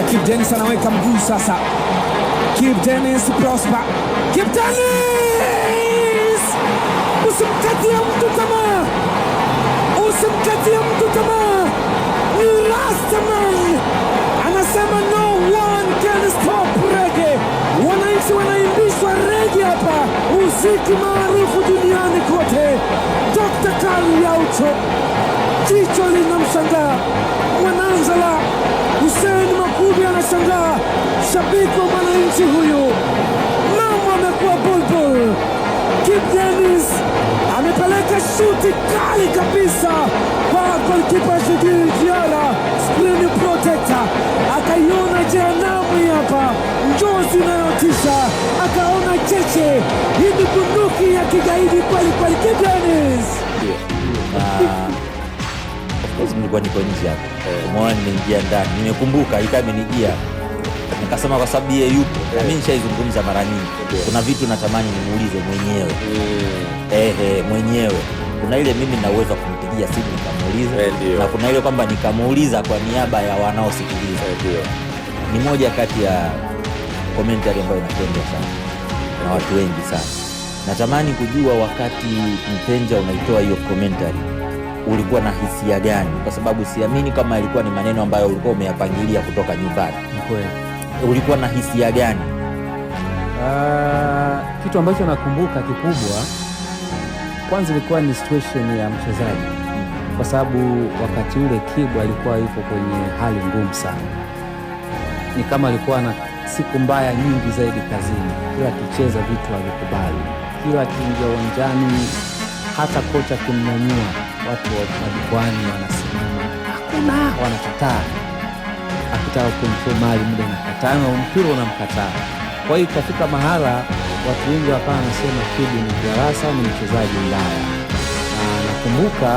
sasa. Kip Dennis anaweka mguu sasa. Kip Dennis Prosper. Kip Dennis! Usimkatie mtu tamaa. Usimkatie mtu tamaa. Ni Rastaman. Anasema no one can stop reggae. Wananchi wanaimbishwa reggae hapa. Muziki maarufu duniani kote. Dr. Karl Yaucho. Jicho linamshangaa. Mwananzala Hussein ameshangaa. Shabiki wa mwananchi huyu, mambo amekuwa bulbul. Kip Denis amepeleka shuti kali kabisa kwa golkipa Shujiri Jiara, skrini protector akaiona jehanamu hapa, njozi inayotisha, akaona cheche. Hii ni bunduki ya kigaidi kweli kweli, Kibu Denis lazima nilikuwa niko nje hapa eh. Umeona, nimeingia ndani, nimekumbuka ikaa imenijia, nikasema kwa sababu yeye yupo eh. na mimi nishaizungumza mara nyingi, kuna vitu natamani nimuulize mwenyewe mm. ehe, mwenyewe kuna ile mimi na uwezo kumpigia simu nikamuuliza, eh, na kuna ile kwamba nikamuuliza kwa niaba ya wanaosikiliza. Ni moja kati ya komentari ambayo inapendwa sana na watu wengi sana. Natamani kujua wakati Mpenja unaitoa hiyo komentari ulikuwa na hisia gani? Kwa sababu siamini kama ilikuwa ni maneno ambayo ulikuwa umeyapangilia kutoka nyumbani. ulikuwa na hisia gani? Uh, kitu ambacho nakumbuka kikubwa, kwanza ilikuwa ni situation ya mchezaji, kwa sababu wakati ule kibwa alikuwa yuko kwenye hali ngumu sana, ni kama alikuwa na siku mbaya nyingi zaidi kazini. Kila akicheza vitu alikubali, kila akiingia uwanjani hata kocha kumnyanyua watu wa majukwani wanasimama, hakuna wanakataa, akitaka kumfu mali muda unakataa na mpira unamkataa. Kwa hiyo ikafika mahala watu wengi wakawa wanasema Fidi ni darasa, ni mchezaji mbaya. Na nakumbuka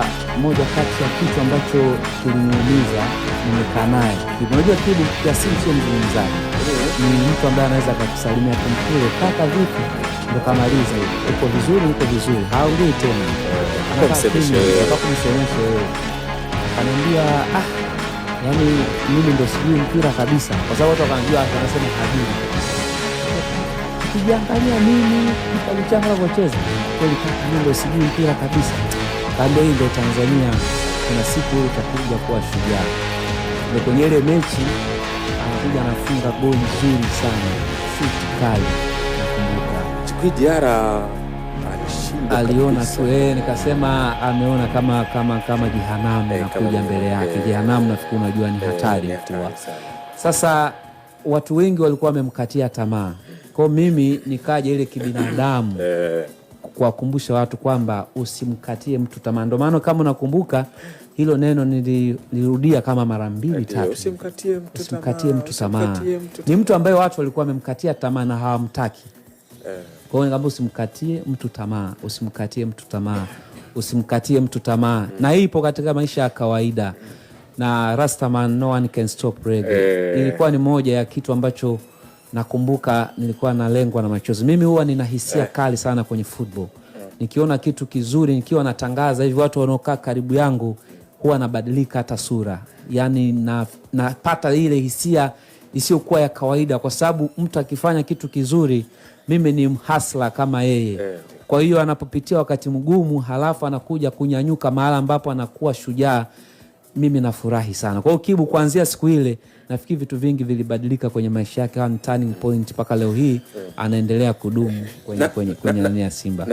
moja kati ya kitu ambacho kiliniumiza, nimekaa naye, unajua kiasili sio mzungumzaji, ni mtu ambaye anaweza akakusalimia kumkule kaka, vipi, ndo kamaliza uko vizuri, uko vizuri, haongei tena kumshemushe kaniambia, ah, yani mimi ndo sijui mpira kabisa, kwa sababu watu wakanijua anasema Habibi. Ukijiangalia mimi alichanga navyocheza kweli, kaka, mimi ndo sijui mpira kabisa. Kaambia hii ndo Tanzania, kuna siku itakuja kuwa shujaa. Ndo kwenye ile mechi anakuja anafunga goli zuri sana, futi kali, nakumbuka Chikwi aliona tu eh, nikasema ameona kama kama kama jehanamu eh, nakuja mbele yake. Eh. Jehanamu nafikiri unajua ni eh, hatari mkubwa. Sasa watu wengi walikuwa wamemkatia tamaa, kwa mimi nikaja ile kibinadamu kuwakumbusha watu kwamba usimkatie mtu tamaa. Ndio maana kama unakumbuka hilo neno nilirudia kama mara mbili tatu, usimkatie mtu tamaa. Ni mtu ambaye watu walikuwa wamemkatia tamaa na hawamtaki kwa hiyo naomba usimkatie mtu tamaa, usimkatie mtu tamaa, usimkatie mtu tamaa, na hii ipo katika maisha ya kawaida na Rastaman, no one can stop reggae. Eh. Ilikuwa ni moja ya kitu ambacho nakumbuka nilikuwa nalengwa na machozi. Mimi huwa nina hisia eh. kali sana kwenye football, nikiona kitu kizuri, nikiwa natangaza hivi, watu wanaokaa karibu yangu huwa nabadilika hata sura, yaani na, napata ile hisia isiyokuwa ya kawaida, kwa sababu mtu akifanya kitu kizuri mimi ni mhasla kama yeye eh. Kwa hiyo anapopitia wakati mgumu, halafu anakuja kunyanyuka mahala ambapo anakuwa shujaa, mimi nafurahi sana. Kwa hiyo Kibu, kuanzia siku ile nafikiri vitu vingi vilibadilika kwenye maisha yake, turning point mpaka leo hii eh. anaendelea kudumu kwenye, kwenye, kwenye, kwenye, kwenye Simba.